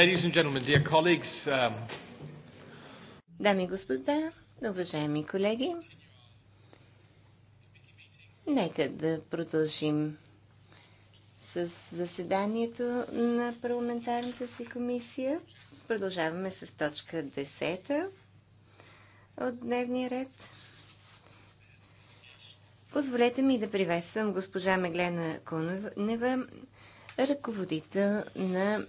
Ladies and gentlemen, dear colleagues, um... Дами и господа, уважаеми колеги, нека да продължим с заседанието на парламентарната си комисия. Продължаваме с точка 10 от дневния ред. Позволете ми да приветствам госпожа Меглена Конева, ръководител на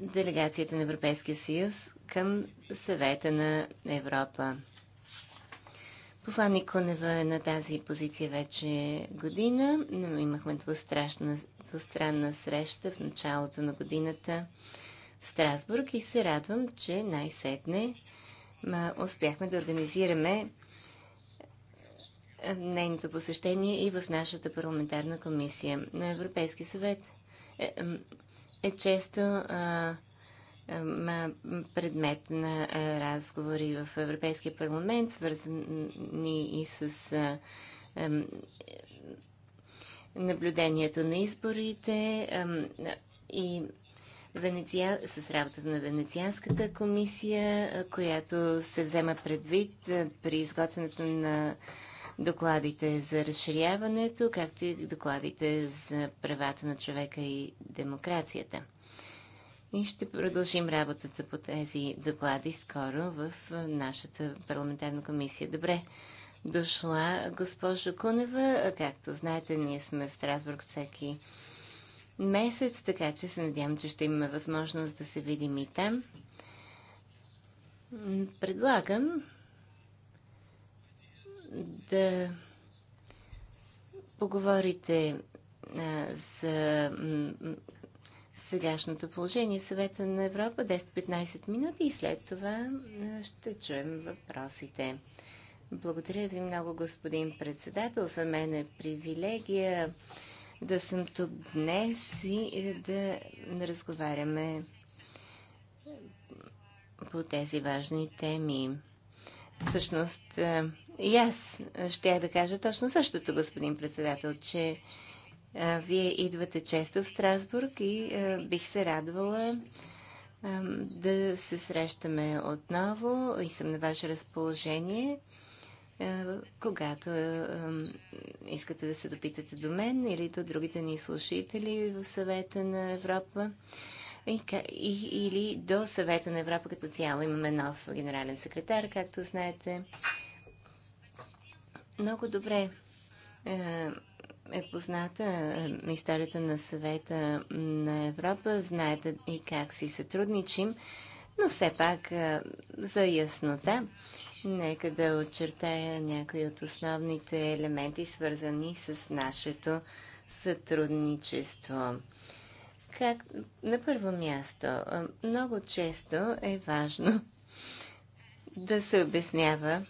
делегацията на Европейския съюз към съвета на Европа. Посланник Конева е на тази позиция вече година. но Имахме двустранна среща в началото на годината в Страсбург и се радвам, че най-сетне успяхме да организираме е, нейното посещение и в нашата парламентарна комисия на Европейски съвет. Е, е често а, а, предмет на а, разговори в Европейския парламент, свързани и с а, а, наблюдението на изборите а, и Венеция... с работата на Венецианската комисия, която се взема предвид при изготвянето на докладите за разширяването, както и докладите за правата на човека и демокрацията. И ще продължим работата по тези доклади скоро в нашата парламентарна комисия. Добре, дошла госпожо Кунева. Както знаете, ние сме в Страсбург всеки месец, така че се надявам, че ще имаме възможност да се видим и там. Предлагам да поговорите за сегашното положение в съвета на Европа 10-15 минути и след това ще чуем въпросите. Благодаря ви много, господин председател. За мен е привилегия да съм тук днес и да разговаряме по тези важни теми. Всъщност, и аз щях да кажа точно същото, господин председател, че а, вие идвате често в Страсбург и а, бих се радвала а, да се срещаме отново и съм на ваше разположение, а, когато а, искате да се допитате до мен или до другите ни слушатели в съвета на Европа. И, или до съвета на Европа като цяло имаме нов генерален секретар, както знаете много добре е, е позната е, историята на съвета на Европа. Знаете и как си сътрудничим, но все пак е, за яснота. Нека да очертая някои от основните елементи, свързани с нашето сътрудничество. Как, на първо място, много често е важно да се обяснява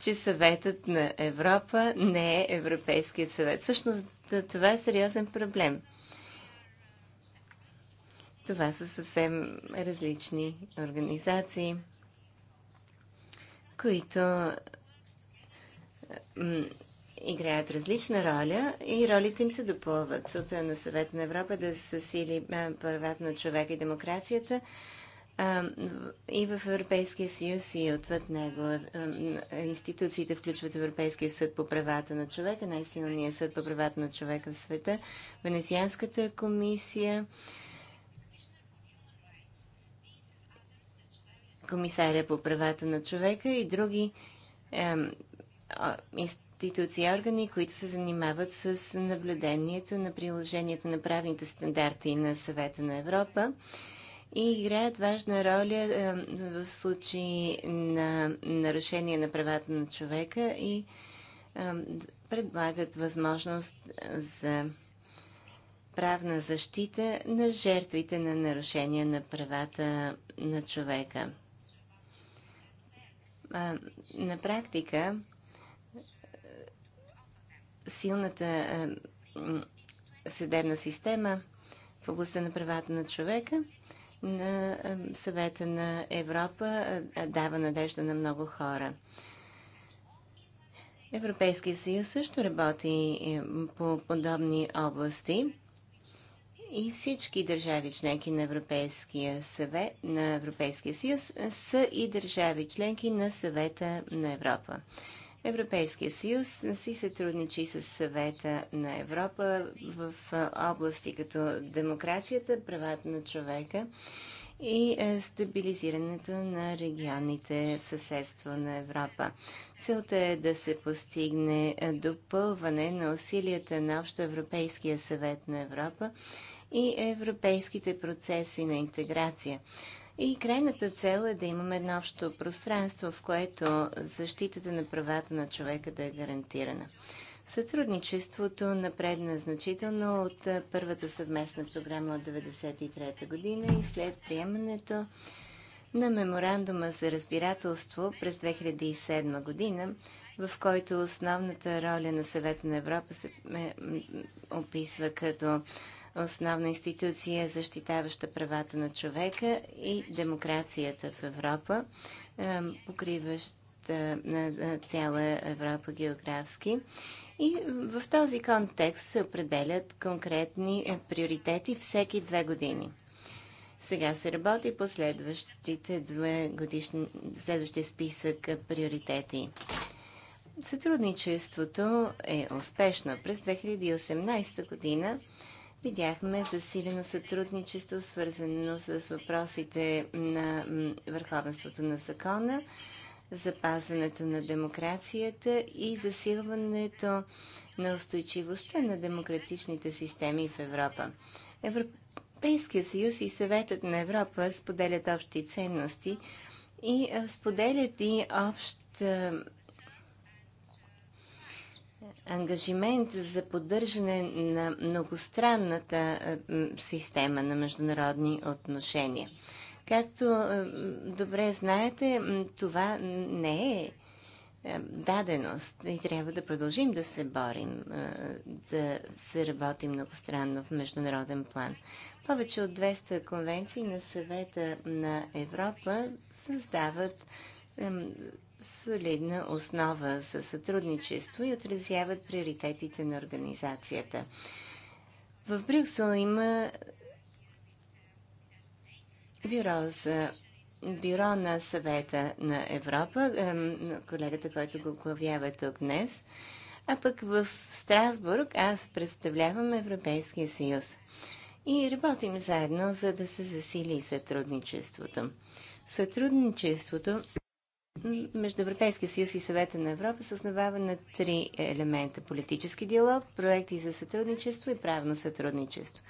че съветът на Европа не е Европейският съвет. Всъщност това е сериозен проблем. Това са съвсем различни организации, които играят различна роля и ролите им се допълват. Целта на съвет на Европа е да се сили правата на човека и демокрацията, и в Европейския съюз и отвъд него. Институциите включват Европейския съд по правата на човека, най-силният съд по правата на човека в света, Венецианската комисия, комисаря по правата на човека и други институции и органи, които се занимават с наблюдението на приложението на правните стандарти на съвета на Европа и играят важна роля е, в случаи на нарушение на правата на човека и е, предлагат възможност за правна защита на жертвите на нарушение на правата на човека. На практика, силната е, съдебна система в областта на правата на човека на съвета на Европа е, дава надежда на много хора. Европейския съюз също работи по подобни области и всички държави членки на Европейския съвет, на Европейския съюз са и държави членки на съвета на Европа. Европейския съюз си сътрудничи с съвета на Европа в области като демокрацията, правата на човека и стабилизирането на регионите в съседство на Европа. Целта е да се постигне допълване на усилията на Общо Европейския съвет на Европа и европейските процеси на интеграция. И крайната цел е да имаме едно общо пространство, в което защитата на правата на човека да е гарантирана. Сътрудничеството напредна значително от първата съвместна програма от 1993 година и след приемането на меморандума за разбирателство през 2007 година, в който основната роля на Съвета на Европа се описва като основна институция, защитаваща правата на човека и демокрацията в Европа, е, покриваща на е, е, цяла Европа географски. И в този контекст се определят конкретни приоритети всеки две години. Сега се работи по следващите две годишни, следващия списък приоритети. Сътрудничеството е успешно. През 2018 година видяхме засилено сътрудничество, свързано с въпросите на върховенството на закона, запазването на демокрацията и засилването на устойчивостта на демократичните системи в Европа. Европейския съюз и съветът на Европа споделят общи ценности и споделят и общ ангажимент за поддържане на многостранната система на международни отношения. Както добре знаете, това не е даденост и трябва да продължим да се борим, да се работим многостранно в международен план. Повече от 200 конвенции на съвета на Европа създават солидна основа за сътрудничество и отразяват приоритетите на организацията. В Брюксел има бюро за бюро на съвета на Европа, колегата, който го главява тук днес, а пък в Страсбург аз представлявам Европейския съюз. И работим заедно, за да се засили сътрудничеството. Сътрудничеството между Европейския съюз и съвета на Европа се основава на три елемента. Политически диалог, проекти за сътрудничество и правно сътрудничество.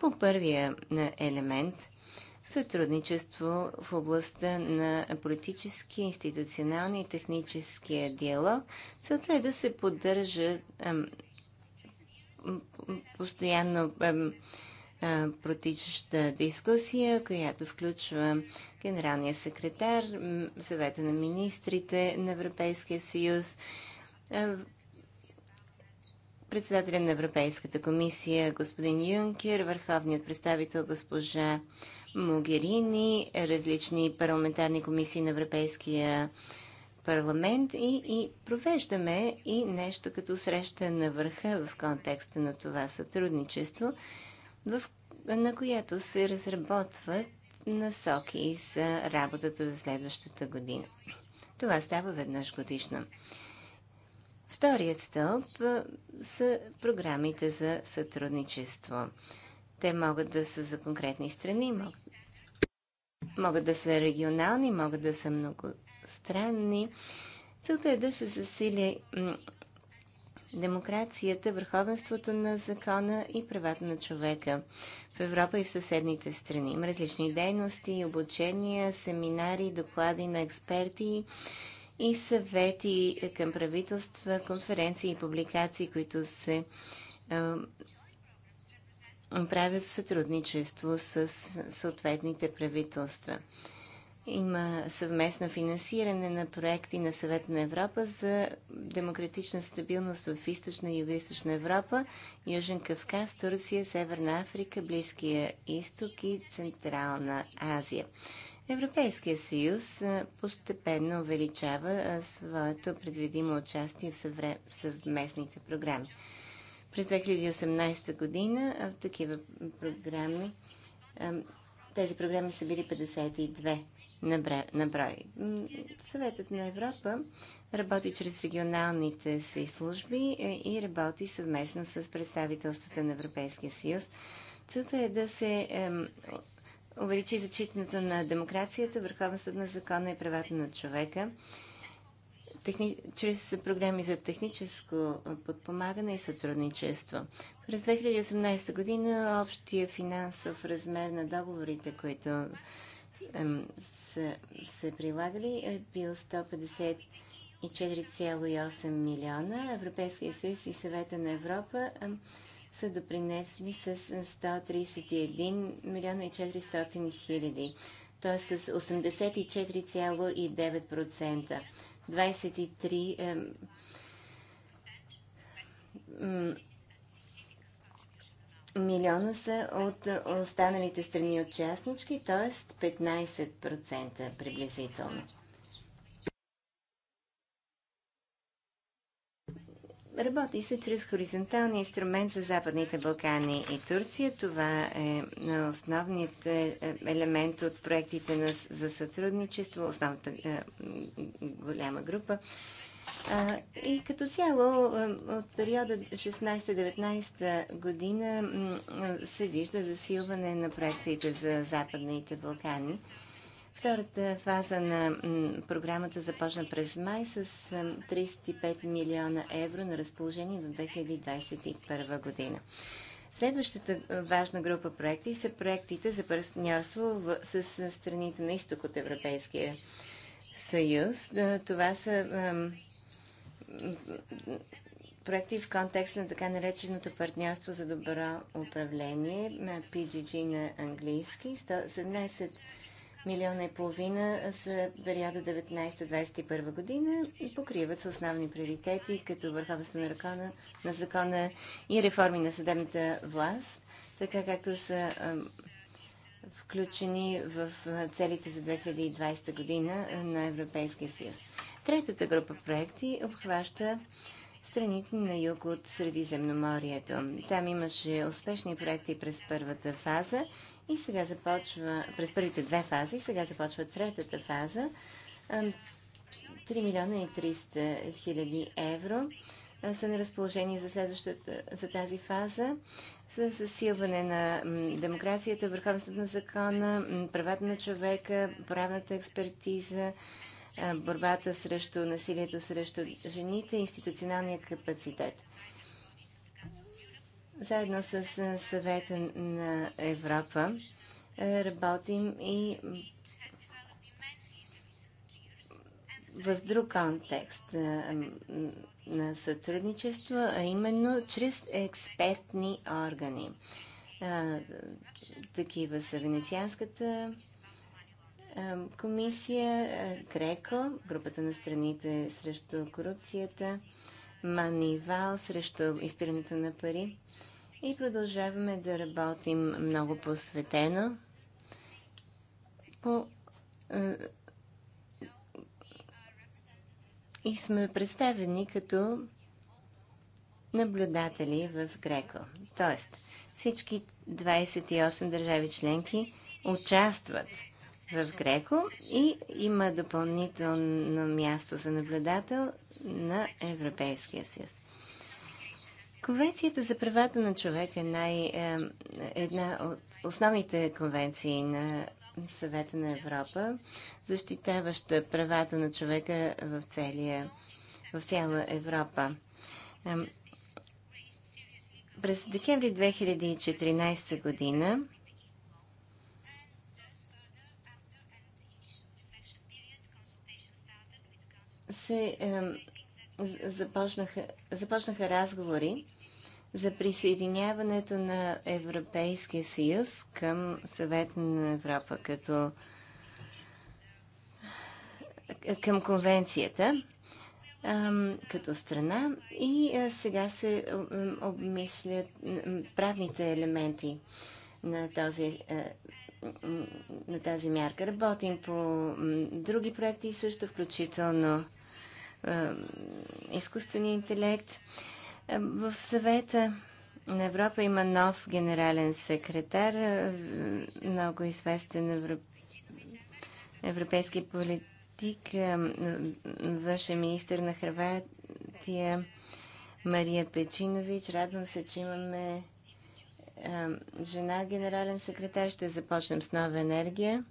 По първия е, елемент сътрудничество в областта на политически, институционални и техническия диалог. Целта е да се поддържа ам, постоянно ам, протичаща дискусия, която включва генералния секретар, съвета на министрите на Европейския съюз, председателя на Европейската комисия господин Юнкер, върховният представител госпожа Могерини, различни парламентарни комисии на Европейския парламент и, и провеждаме и нещо като среща на върха в контекста на това сътрудничество в, на която се разработват насоки за работата за следващата година. Това става веднъж годишно. Вторият стълб са програмите за сътрудничество. Те могат да са за конкретни страни, могат, могат да са регионални, могат да са многостранни. Целта е да се засили демокрацията, върховенството на закона и правата на човека в Европа и в съседните страни. Има различни дейности, обучения, семинари, доклади на експерти и съвети към правителства, конференции и публикации, които се правят в сътрудничество с съответните правителства. Има съвместно финансиране на проекти на Съвет на Европа за демократична стабилност в източна и юго-источна Европа, Южен Кавказ, Турция, Северна Африка, Близкия изток и Централна Азия. Европейския съюз постепенно увеличава своето предвидимо участие в съвместните програми. През 2018 година в такива програми, тези програми са били 52 на Съветът на Европа работи чрез регионалните си служби е, и работи съвместно с представителствата на Европейския съюз. Целта е да се увеличи зачитането на демокрацията, върховенството на закона и правата на човека техни... чрез програми за техническо е, подпомагане и сътрудничество. През 2018 година общия финансов размер на договорите, които са, са прилагали, е бил 154,8 милиона. Европейския съюз и съвета на Европа са допринесли с 131 милиона и 400 хиляди, т.е. с 84,9%. 23 е, милиона са от останалите страни участнички, т.е. 15% приблизително. Работи се чрез хоризонталния инструмент за Западните Балкани и Турция. Това е основният е, елемент от проектите на, за сътрудничество, основната е, голяма група и като цяло от периода 16-19 година се вижда засилване на проектите за Западните Балкани. Втората фаза на програмата започна през май с 35 милиона евро на разположение до 2021 година. Следващата важна група проекти са проектите за партньорство с страните на изток от Европейския съюз. Това са проекти в контекста на така нареченото партньорство за добро управление, PGG на английски, 17 милиона и половина за периода 19-21 година покриват с основни приоритети, като върховенство на, ръкона, на закона и реформи на съдебната власт, така както са включени в целите за 2020 година на Европейския съюз. Третата група проекти обхваща страните на юг от Средиземноморието. Там имаше успешни проекти през първата фаза и сега започва, през първите две фази, сега започва третата фаза. 3 милиона и 300 хиляди евро са на разположение за следващата, за тази фаза, с засилване на демокрацията, върховенството на закона, правата на човека, правната експертиза, е, борбата срещу насилието срещу жените и институционалния капацитет. Заедно с е, съвета на Европа е, работим и в друг контекст на сътрудничество, а именно чрез експертни органи. Такива са Венецианската комисия, е, Греко, групата на страните срещу корупцията, Манивал срещу изпирането на пари. И продължаваме да работим много посветено по е, и сме представени като наблюдатели в Греко. Тоест, всички 28 държави членки участват в Греко и има допълнително място за наблюдател на Европейския съюз. Конвенцията за правата на човека е най, е, една от основните конвенции на Съвета на Европа, защитаваща правата на човека в, целия, в цяла Европа. През декември 2014 година се е, започнаха, започнаха разговори за присъединяването на Европейския съюз към съвет на Европа като към конвенцията като страна и е, сега се обмислят правните елементи на, този, е, на тази мярка. Работим по други проекти също, включително изкуствения интелект. В съвета на Европа има нов генерален секретар, много известен европ... европейски политик, външен министр на Хрватия Мария Печинович. Радвам се, че имаме жена генерален секретар. Ще започнем с нова енергия.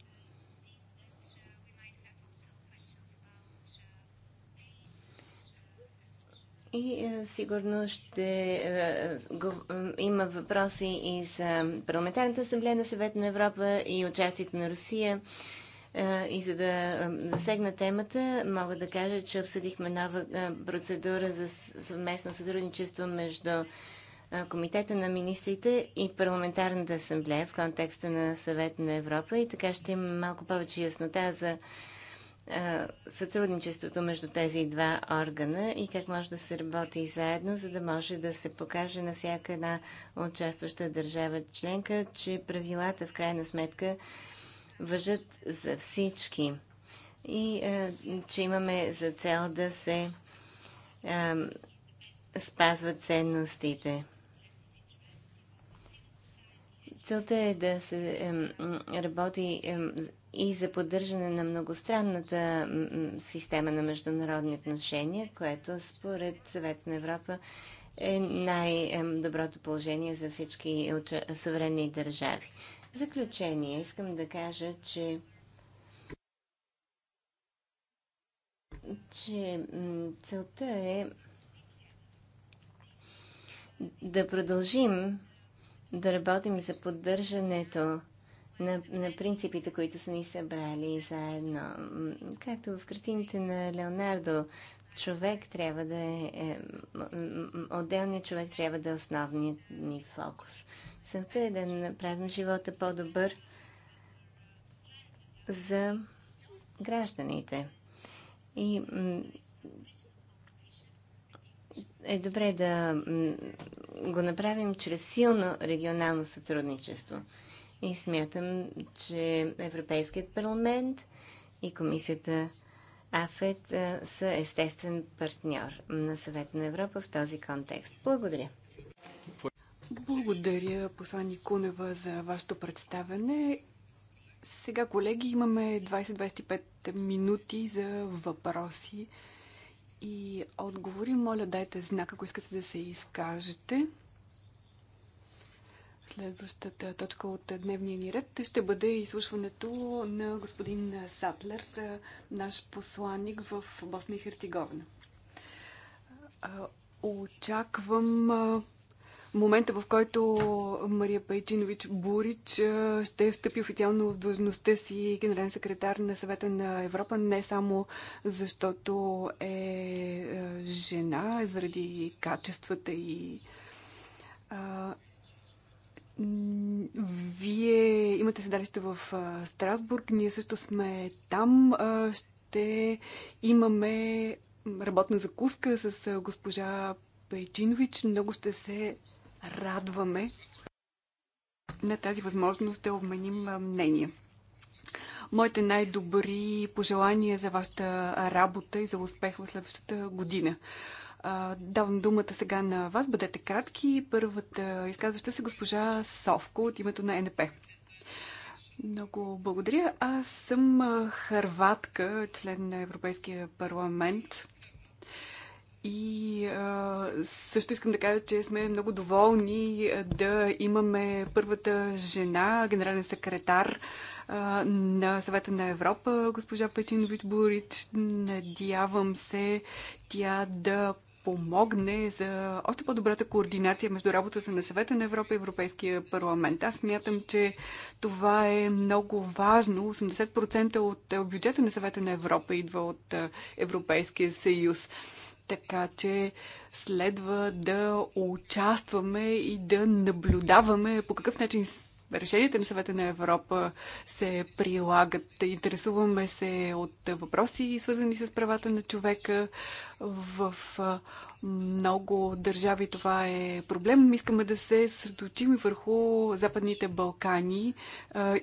И е, сигурно ще е, е, има въпроси и за Парламентарната асамблея на съвет на Европа и участието на Русия. И за да засегна темата, мога да кажа, че обсъдихме нова процедура за съвместно сътрудничество между Комитета на министрите и Парламентарната асамблея в контекста на съвет на Европа и така ще има малко повече яснота за сътрудничеството между тези два органа и как може да се работи заедно, за да може да се покаже на всяка една участваща държава членка, че правилата в крайна сметка въжат за всички и че имаме за цел да се а, спазват ценностите. Целта е да се работи и за поддържане на многостранната система на международни отношения, което според Съвет на Европа е най-доброто положение за всички съвременни държави. В заключение искам да кажа, че че целта е да продължим да работим за поддържането на, на принципите, които са ни събрали заедно. Както в картините на Леонардо, човек трябва да е, е отделният човек трябва да е основният ни фокус. Целта е да направим живота по-добър за гражданите. И е добре да го направим чрез силно регионално сътрудничество и смятам, че Европейският парламент и комисията АФЕТ са естествен партньор на Съвета на Европа в този контекст. Благодаря. Благодаря, послани Кунева, за вашето представене. Сега, колеги, имаме 20-25 минути за въпроси и отговори. Моля, дайте знак, ако искате да се изкажете. Следващата точка от дневния ни ред ще бъде изслушването на господин Сатлер, наш посланник в Босна и Херцеговина. Очаквам момента, в който Мария Пайчинович Бурич ще встъпи официално в длъжността си генерален секретар на съвета на Европа, не само защото е жена, заради качествата и вие имате седалище в Страсбург, ние също сме там. Ще имаме работна закуска с госпожа Пейчинович. Много ще се радваме на тази възможност да обменим мнение. Моите най-добри пожелания за вашата работа и за успех в следващата година давам думата сега на вас. Бъдете кратки. Първата изказваща се госпожа Совко от името на НП. Много благодаря. Аз съм харватка, член на Европейския парламент. И а, също искам да кажа, че сме много доволни да имаме първата жена, генерален секретар а, на съвета на Европа, госпожа Петинович Борич. Надявам се тя да помогне за още по-добрата координация между работата на съвета на Европа и Европейския парламент. Аз смятам, че това е много важно. 80% е, от бюджета на съвета на Европа идва от е, Европейския съюз. Така че следва да участваме и да наблюдаваме по какъв начин решенията на съвета на Европа се прилагат. Интересуваме се от въпроси, свързани с правата на човека. В много държави това е проблем. Искаме да се средочим върху Западните Балкани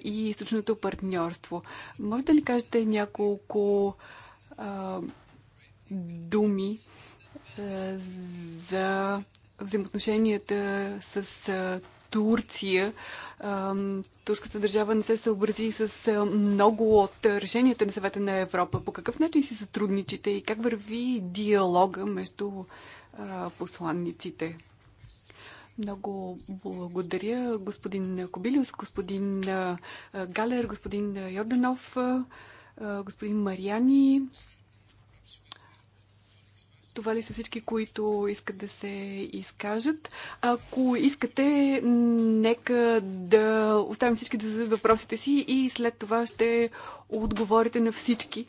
и източното партньорство. Може да ни кажете няколко думи за взаимоотношенията с Турция. Турската държава не се съобрази с много от решенията на съвета на Европа. По какъв начин си сътрудничите и как върви диалога между посланниците? Много благодаря господин Кобилиус, господин Галер, господин Йорданов, господин Мариани. Това ли са всички, които искат да се изкажат? Ако искате, нека да оставим всички да зададат въпросите си и след това ще отговорите на всички.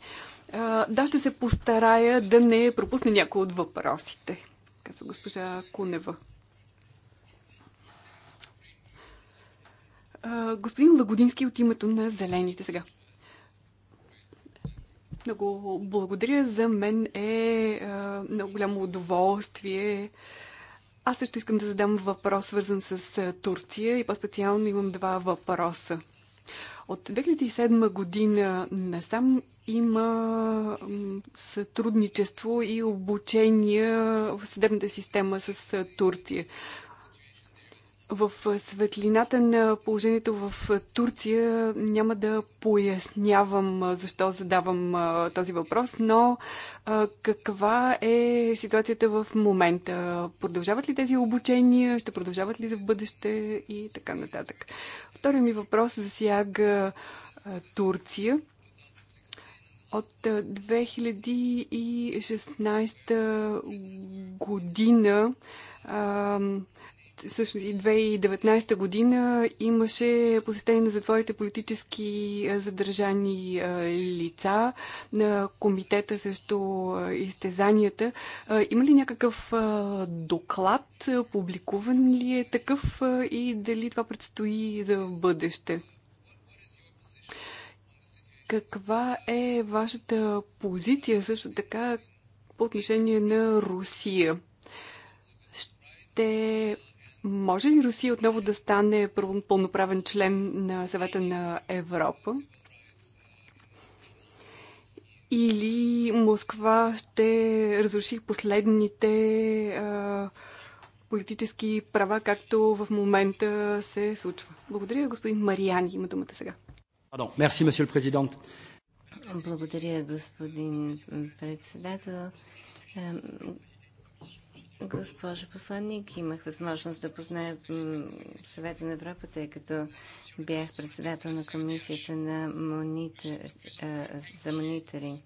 Да, ще се постарая да не пропусне някои от въпросите, казва госпожа Кунева. Господин Лагодински от името на Зелените сега. Много благодаря. За мен е, е много голямо удоволствие. Аз също искам да задам въпрос, свързан с е, Турция и по-специално имам два въпроса. От 2007 година насам има сътрудничество и обучение в съдебната система с е, Турция. В светлината на положението в Турция няма да пояснявам защо задавам този въпрос, но каква е ситуацията в момента? Продължават ли тези обучения? Ще продължават ли за в бъдеще и така нататък? Втори ми въпрос засяга Турция. От 2016 година всъщност и 2019 година имаше посещение на затворите политически задържани лица на комитета срещу изтезанията. Има ли някакъв доклад? Публикуван ли е такъв и дали това предстои за бъдеще? Каква е вашата позиция също така по отношение на Русия? Ще може ли Русия отново да стане пълноправен член на съвета на Европа? Или Москва ще разруши последните а, политически права, както в момента се случва? Благодаря, господин Мариани. Има думата сега. Благодаря, господин председател. Госпожо посланник, имах възможност да позная съвета на Европа, тъй като бях председател на комисията на монитор, а, за мониторинг.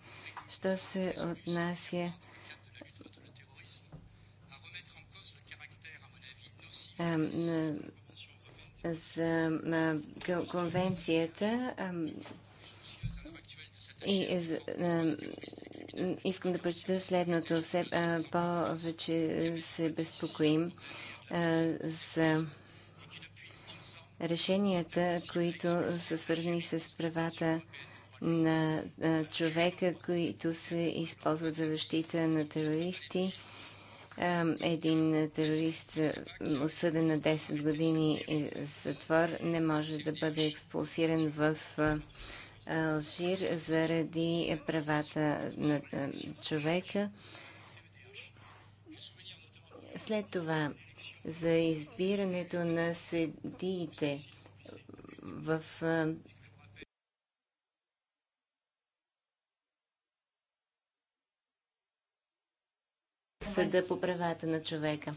Що се отнася а, за а, конвенцията, и е, а, искам да прочета следното. Все а, повече е, се безпокоим а, за решенията, които са свързани с правата на човека, които се използват за защита на терористи. Един терорист, осъден на 10 години е, затвор, не може да бъде експулсиран в Алжир заради правата на човека. След това за избирането на седиите в Съда по правата на човека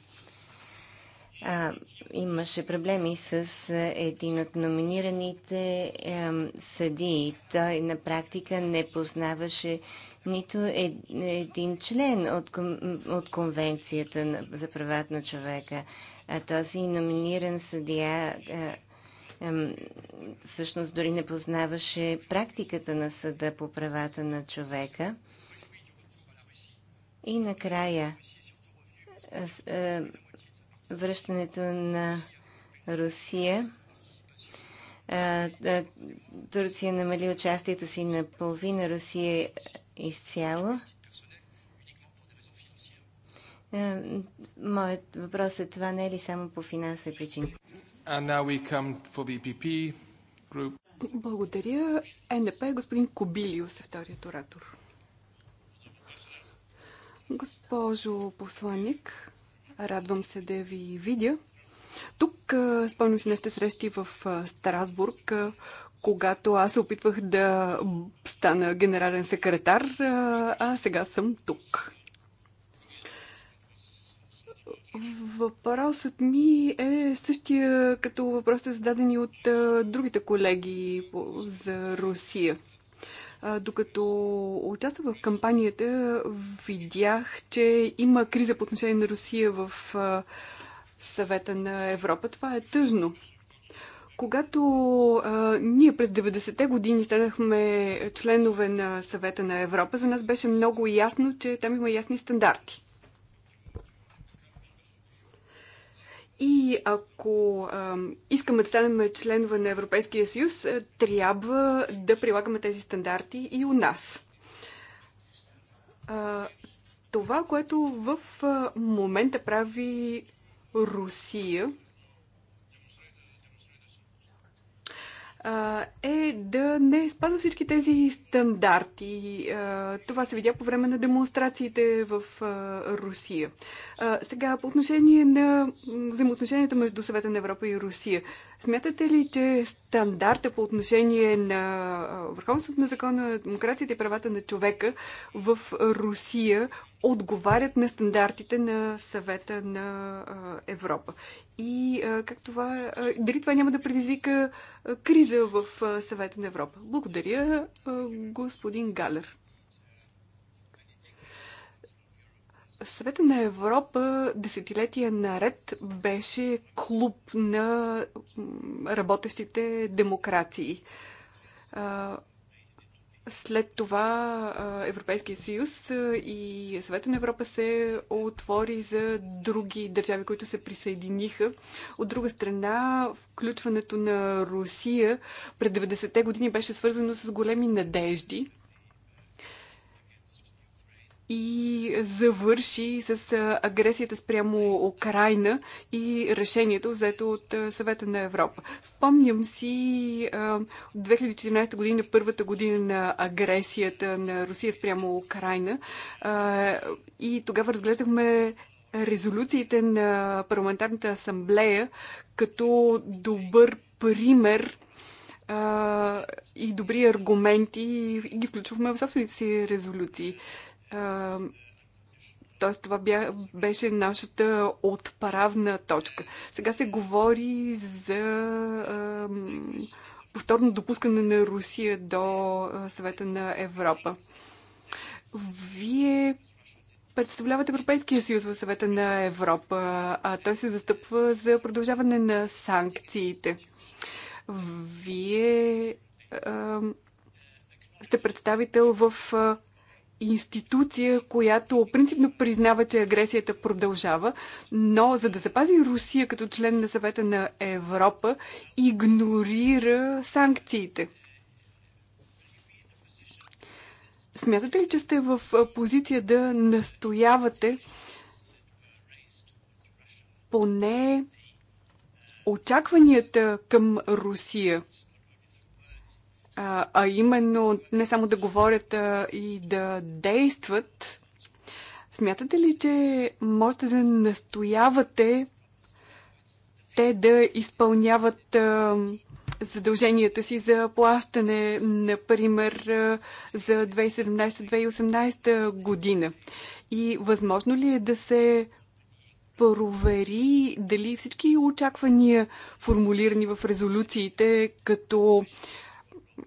а, имаше проблеми с един от номинираните а, съдии. Той на практика не познаваше нито е, един член от, от Конвенцията на, за правата на човека. А този номиниран съдия а, а, всъщност дори не познаваше практиката на съда по правата на човека. И накрая връщането на Русия. Турция намали участието си на половина, Русия изцяло. Моят въпрос е това не е ли само по финансови причини? Благодаря. НДП господин Кобилиус е вторият оратор. Госпожо посланник, Радвам се да ви видя. Тук спомням си нашите срещи в Страсбург, когато аз се опитвах да стана генерален секретар, а сега съм тук. Въпросът ми е същия като въпросите зададени от другите колеги за Русия. Докато участвах в кампанията, видях, че има криза по отношение на Русия в съвета на Европа. Това е тъжно. Когато а, ние през 90-те години станахме членове на съвета на Европа, за нас беше много ясно, че там има ясни стандарти. И ако а, искаме да станем членове на Европейския съюз, е, трябва да прилагаме тези стандарти и у нас. А, това, което в момента прави Русия, е да не спазва всички тези стандарти. Това се видя по време на демонстрациите в Русия. Сега, по отношение на взаимоотношенията между Съвета на Европа и Русия. Смятате ли, че стандарта по отношение на върховенството на закона, на демокрацията и правата на човека в Русия отговарят на стандартите на съвета на Европа? И как това, дали това няма да предизвика криза в съвета на Европа? Благодаря, господин Галер. Съвета на Европа десетилетия наред беше клуб на работещите демокрации. След това Европейския съюз и Съвета на Европа се отвори за други държави, които се присъединиха. От друга страна, включването на Русия пред 90-те години беше свързано с големи надежди – и завърши с агресията спрямо Украина и решението взето от съвета на Европа. Спомням си от 2014 година, първата година на агресията на Русия спрямо Украина и тогава разглеждахме резолюциите на парламентарната асамблея като добър пример и добри аргументи и ги включваме в собствените си резолюции. Тоест, това бя, беше нашата отправна точка. Сега се говори за а, повторно допускане на Русия до съвета на Европа. Вие представлявате Европейския съюз в съвета на Европа, а той се застъпва за продължаване на санкциите. Вие а, сте представител в институция, която принципно признава, че агресията продължава, но за да запази Русия като член на съвета на Европа, игнорира санкциите. Смятате ли, че сте в позиция да настоявате поне очакванията към Русия – а, а именно не само да говорят а, и да действат. Смятате ли, че можете да настоявате те да изпълняват а, задълженията си за плащане, например, за 2017-2018 година? И възможно ли е да се провери дали всички очаквания, формулирани в резолюциите, като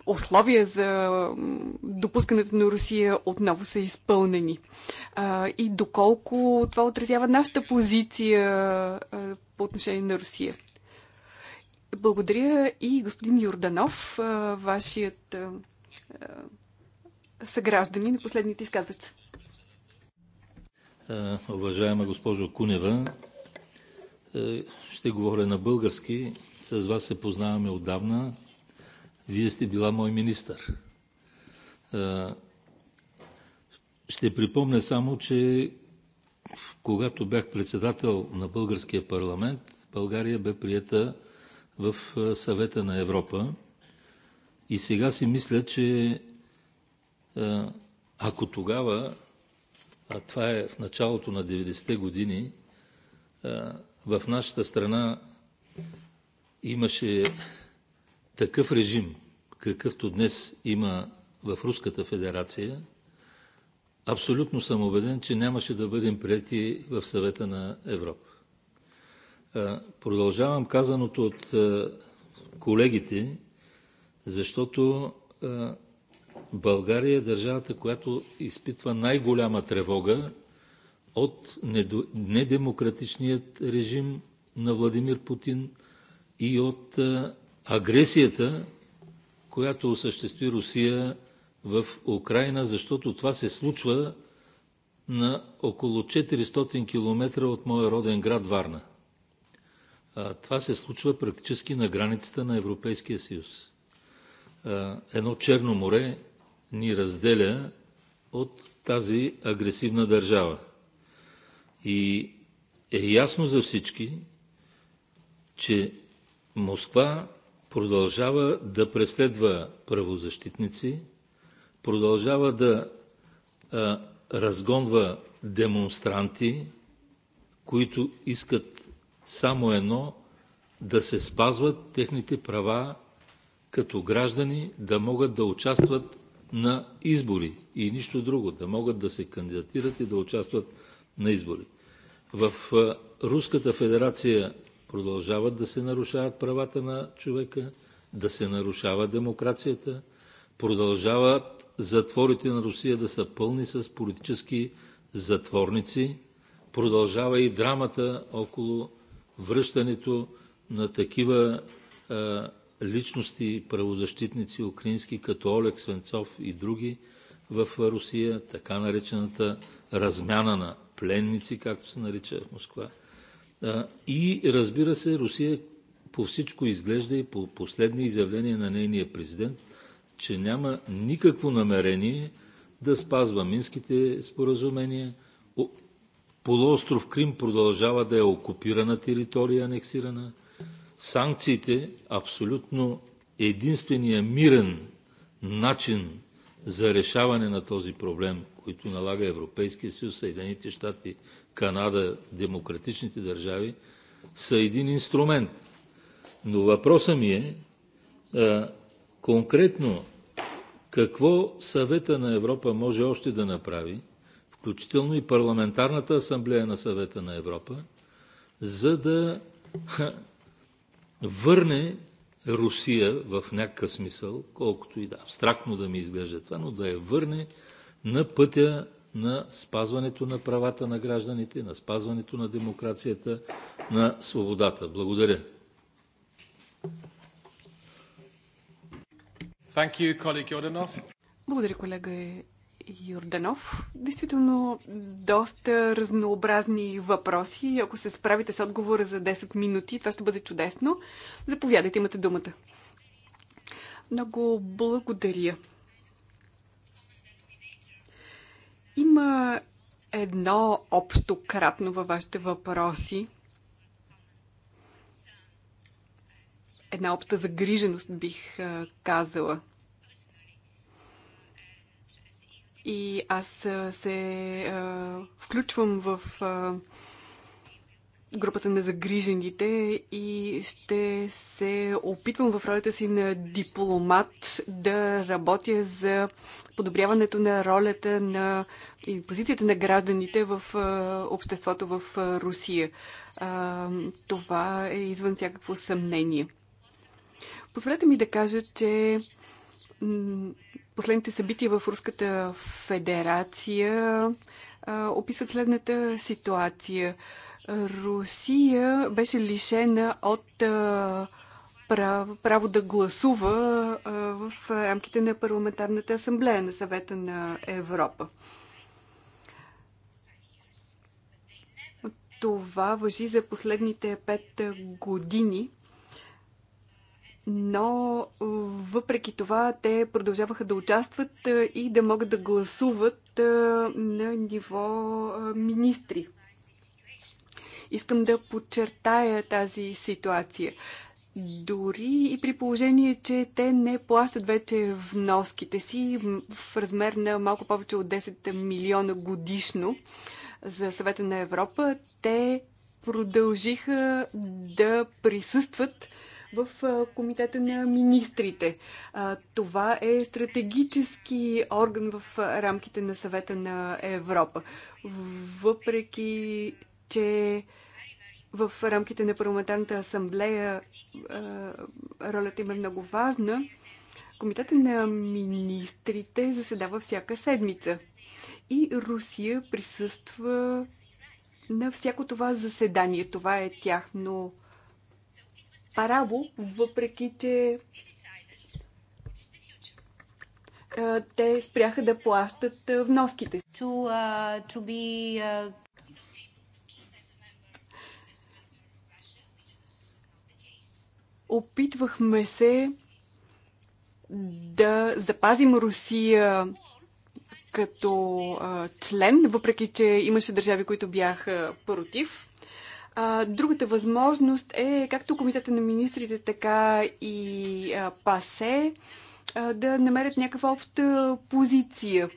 условия за допускането на Русия отново са изпълнени. И доколко това отразява нашата позиция по отношение на Русия. Благодаря и господин Юрданов, вашият съграждани на последните изказвачи. Уважаема госпожо Кунева, ще говоря на български. С вас се познаваме отдавна. Вие сте била мой министър. Ще припомня само, че когато бях председател на Българския парламент, България бе приета в Съвета на Европа. И сега си мисля, че ако тогава, а това е в началото на 90-те години, в нашата страна имаше такъв режим, какъвто днес има в Руската федерация, абсолютно съм убеден, че нямаше да бъдем прияти в Съвета на Европа. Продължавам казаното от колегите, защото България е държавата, която изпитва най-голяма тревога от недемократичният режим на Владимир Путин и от агресията, която осъществи Русия в Украина, защото това се случва на около 400 км от моя роден град Варна. А, това се случва практически на границата на Европейския съюз. А, едно Черно море ни разделя от тази агресивна държава. И е ясно за всички, че Москва продължава да преследва правозащитници, продължава да а, разгонва демонстранти, които искат само едно да се спазват техните права като граждани, да могат да участват на избори и нищо друго, да могат да се кандидатират и да участват на избори. В Руската федерация Продължават да се нарушават правата на човека, да се нарушава демокрацията, продължават затворите на Русия да са пълни с политически затворници, продължава и драмата около връщането на такива а, личности, правозащитници украински, като Олег Свенцов и други в Русия, така наречената размяна на пленници, както се нарича в Москва. И разбира се, Русия по всичко изглежда и по последни изявления на нейния президент, че няма никакво намерение да спазва минските споразумения. Полуостров Крим продължава да е окупирана територия, анексирана. Санкциите, абсолютно единствения мирен начин за решаване на този проблем, които налага Европейският съюз, Съединените щати, Канада, демократичните държави, са един инструмент. Но въпросът ми е конкретно какво Съветът на Европа може още да направи, включително и Парламентарната асамблея на Съвета на Европа, за да върне Русия в някакъв смисъл, колкото и да абстрактно да ми изглежда това, но да я върне на пътя на спазването на правата на гражданите, на спазването на демокрацията, на свободата. Благодаря. Thank you, Благодаря, колега Юрданов. Действително, доста разнообразни въпроси. Ако се справите с отговора за 10 минути, това ще бъде чудесно. Заповядайте, имате думата. Много благодаря. Има едно общо кратно във вашите въпроси. Една обща загриженост бих казала. И аз се а, включвам в а, групата на загрижените и ще се опитвам в ролята си на дипломат да работя за подобряването на ролята на и позицията на гражданите в обществото в Русия. това е извън всякакво съмнение. Позволете ми да кажа, че последните събития в Руската федерация описват следната ситуация. Русия беше лишена от право да гласува в рамките на Парламентарната асамблея на съвета на Европа. Това въжи за последните пет години но въпреки това те продължаваха да участват и да могат да гласуват на ниво министри. Искам да подчертая тази ситуация. Дори и при положение, че те не плащат вече вноските си в размер на малко повече от 10 милиона годишно за съвета на Европа, те продължиха да присъстват в Комитета на министрите. Това е стратегически орган в рамките на съвета на Европа. Въпреки, че в рамките на парламентарната асамблея ролята им е много важна, Комитета на министрите заседава всяка седмица. И Русия присъства на всяко това заседание. Това е тяхно Парабо, въпреки че те спряха да плащат вноските. To, uh, to be, uh... Опитвахме се да запазим Русия като член, въпреки че имаше държави, които бяха против. А, другата възможност е както комитета на министрите, така и а, ПАСЕ а, да намерят някаква обща позиция.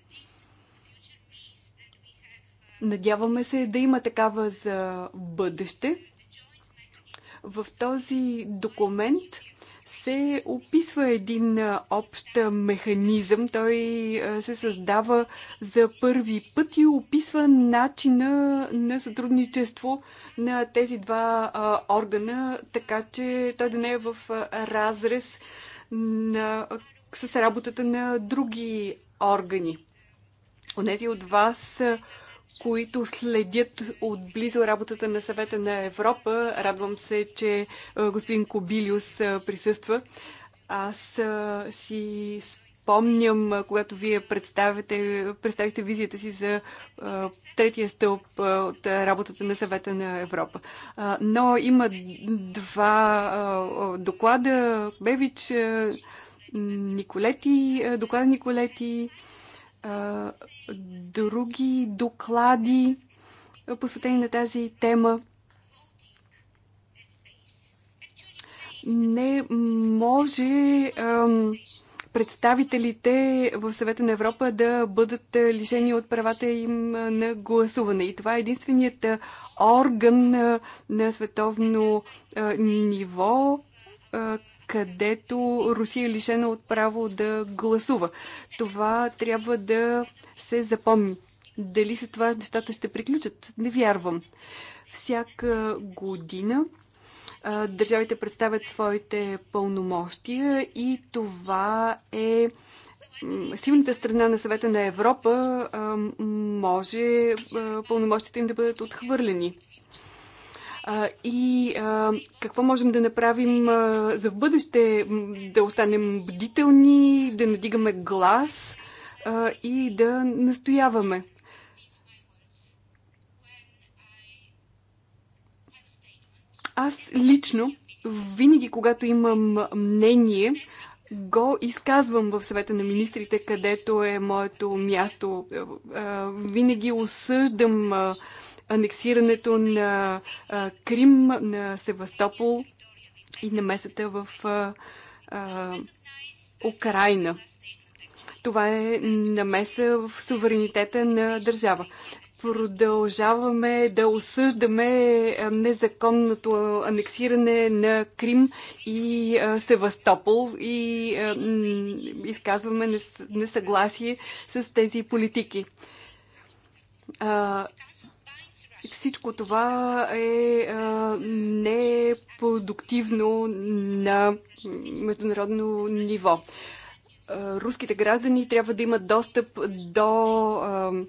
Надяваме се да има такава за бъдеще. В този документ се описва един общ механизъм. Той се създава за първи път и описва начина на сътрудничество на тези два органа, така че той да не е в разрез на, с работата на други органи. Онези от вас, които следят отблизо работата на съвета на Европа. Радвам се, че е, господин Кобилиус е, присъства. Аз е, си спомням, когато вие представите, представите визията си за третия стълб от работата на съвета на Европа. но има два доклада, Бевич, Николети, доклада Николети други доклади, посветени на тази тема. Не може представителите в съвета на Европа да бъдат лишени от правата им на гласуване. И това е единственият орган на световно ниво, където Русия е лишена от право да гласува. Това трябва да се запомни. Дали с това нещата ще приключат? Не вярвам. Всяка година държавите представят своите пълномощия и това е силната страна на съвета на Европа може пълномощите им да бъдат отхвърлени и какво можем да направим за в бъдеще? Да останем бдителни, да надигаме глас и да настояваме. Аз лично, винаги когато имам мнение, го изказвам в съвета на министрите, където е моето място. Винаги осъждам анексирането на Крим, на Севастопол и намесата в Украина. Това е намеса в суверенитета на държава. Продължаваме да осъждаме незаконното анексиране на Крим и Севастопол и изказваме несъгласие с тези политики всичко това е непродуктивно на международно ниво. Руските граждани трябва да имат достъп до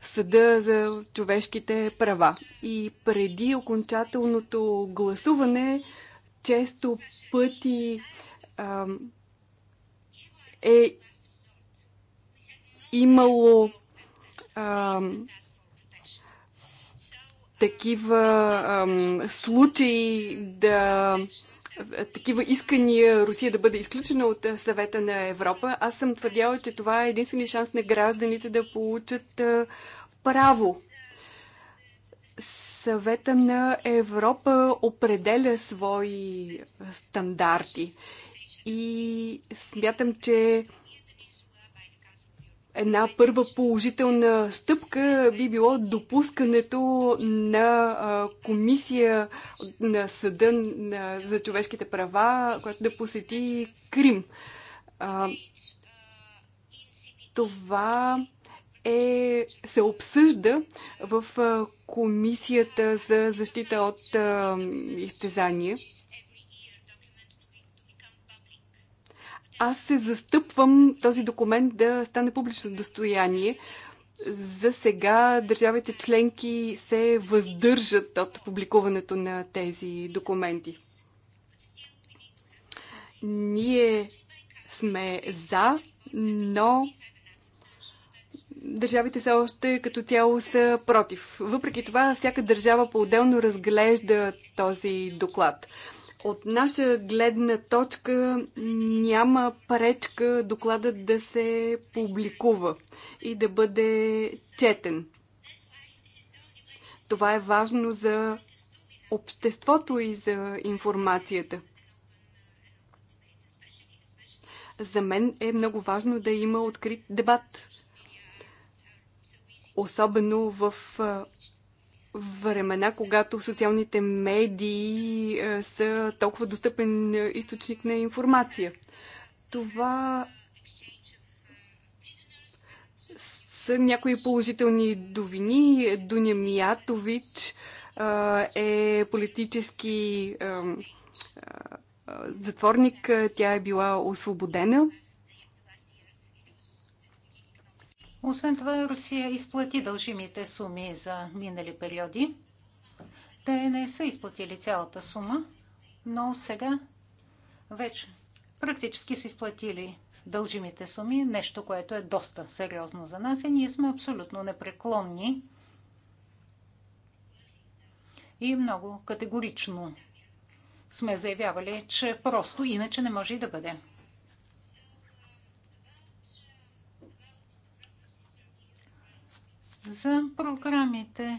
Съда за човешките права. И преди окончателното гласуване, често пъти а, е имало а, такива ам, случаи да такива искания Русия да бъде изключена от е, съвета на Европа, аз съм твърдяла, че това е единствения шанс на гражданите да получат а, е, право. Съвета на Европа определя свои стандарти и смятам, че една първа положителна стъпка би било допускането на комисия на съда за човешките права, която да посети Крим. Това е, се обсъжда в Комисията за защита от изтезание. аз се застъпвам този документ да стане публично достояние. За сега държавите членки се въздържат от публикуването на тези документи. Ние сме за, но държавите все още като цяло са против. Въпреки това, всяка държава по-отделно разглежда този доклад. От наша гледна точка няма пречка докладът да се публикува и да бъде четен. Това е важно за обществото и за информацията. За мен е много важно да има открит дебат. Особено в времена, когато социалните медии е, са толкова достъпен е, източник на информация. Това са някои положителни довини. Дуня Миятович е, е политически затворник. Тя е била освободена. Освен това, Русия изплати дължимите суми за минали периоди. Те не са изплатили цялата сума, но сега вече практически са изплатили дължимите суми, нещо, което е доста сериозно за нас и ние сме абсолютно непреклонни и много категорично сме заявявали, че просто иначе не може и да бъде. За програмите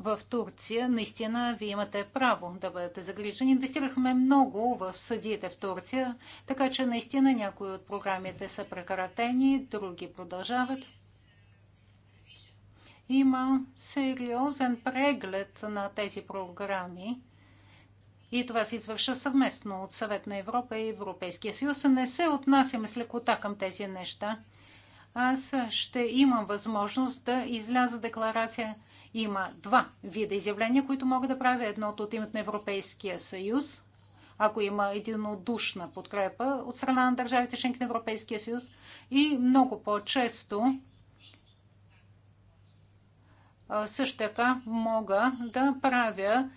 в Турция, наистина вие имате право да бъдете загрижени. Инвестирахме много в съдиите в Турция, така че наистина някои от програмите са прекратени, други продължават. Има сериозен преглед на тези програми. И това се извършва съвместно от Съвет на Европа и Европейския съюз. Не се отнасяме с лекота към тези неща аз ще имам възможност да изляза декларация. Има два вида изявления, които мога да правя. Едното от името на Европейския съюз, ако има единодушна подкрепа от страна на държавите членки на Европейския съюз и много по-често също така мога да правя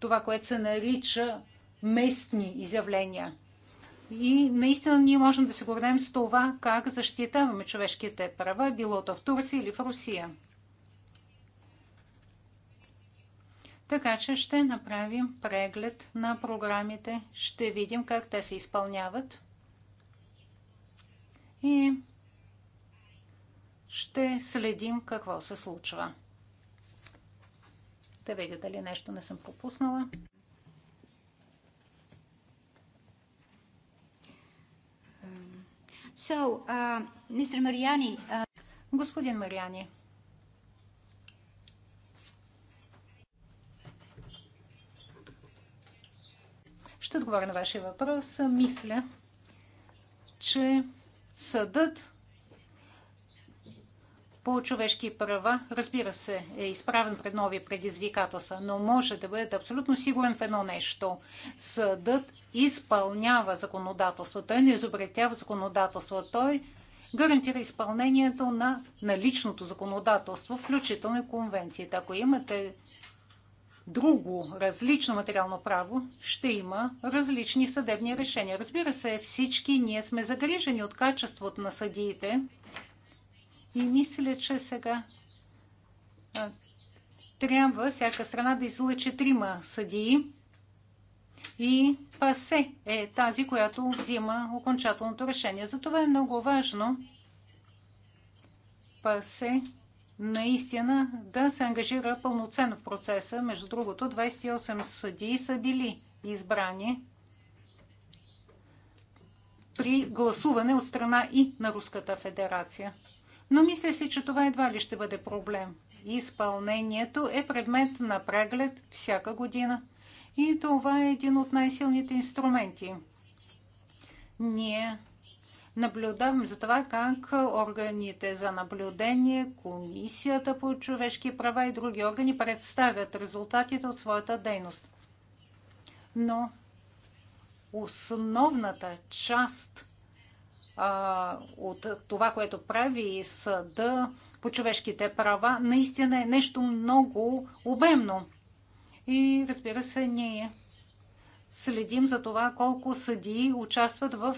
това, което се нарича местни изявления. И наистина ние можем да се гордем с това как защитаваме човешките права, било то в Турция или в Русия. Така че ще направим преглед на програмите, ще видим как те се изпълняват и ще следим какво се случва. Да видя дали нещо не съм пропуснала. So, uh, Mr. Mariani, uh... Господин Мариани, ще отговоря на вашия въпрос. Мисля, че съдът по човешки права, разбира се, е изправен пред нови предизвикателства, но може да бъде абсолютно сигурен в едно нещо. Съдът изпълнява законодателство, той не изобретява законодателство, той гарантира изпълнението на наличното законодателство, включително и конвенцията. Ако имате друго различно материално право, ще има различни съдебни решения. Разбира се, всички ние сме загрижени от качеството на съдиите и мисля, че сега трябва всяка страна да излъчи трима съдии – и ПАСЕ е тази, която взима окончателното решение. Затова е много важно ПАСЕ наистина да се ангажира пълноценно в процеса. Между другото, 28 съдии са били избрани при гласуване от страна и на Руската федерация. Но мисля си, че това едва ли ще бъде проблем. Изпълнението е предмет на преглед всяка година. И това е един от най-силните инструменти. Ние наблюдаваме за това как органите за наблюдение, Комисията по човешки права и други органи представят резултатите от своята дейност. Но основната част а, от това, което прави съда по човешките права, наистина е нещо много обемно. И разбира се, ние следим за това колко съдии участват в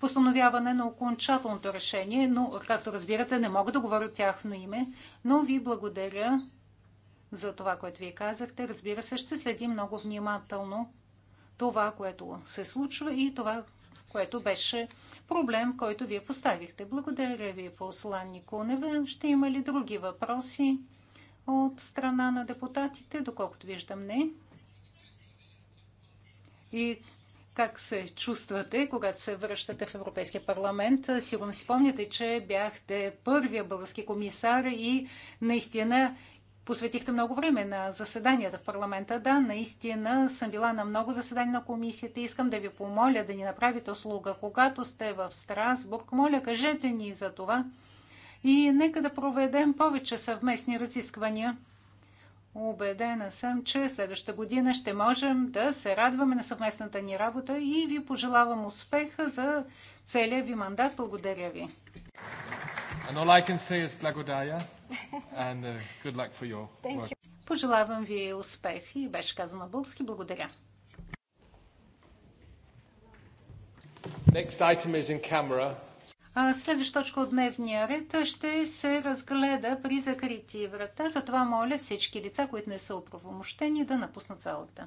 постановяване на окончателното решение, но, както разбирате, не мога да говоря тяхно име, но ви благодаря за това, което вие казахте. Разбира се, ще следим много внимателно това, което се случва и това, което беше проблем, който вие поставихте. Благодаря ви, посланник Конева. Ще има ли други въпроси? от страна на депутатите, доколкото виждам не. И как се чувствате, когато се връщате в Европейския парламент? Сигурно си помните, че бяхте първия български комисар и наистина посветихте много време на заседанията в парламента. Да, наистина съм била на много заседания на комисията. Искам да ви помоля да ни направите услуга. Когато сте в Страсбург, моля, кажете ни за това и нека да проведем повече съвместни разисквания. Убедена съм, че следващата година ще можем да се радваме на съвместната ни работа и ви пожелавам успеха за целия ви мандат. Благодаря ви. Пожелавам ви успех и беше казано български. Благодаря. Next item is in camera. Следваща точка от дневния ред ще се разгледа при закрити врата. Затова моля всички лица, които не са оправомощени, да напуснат залата.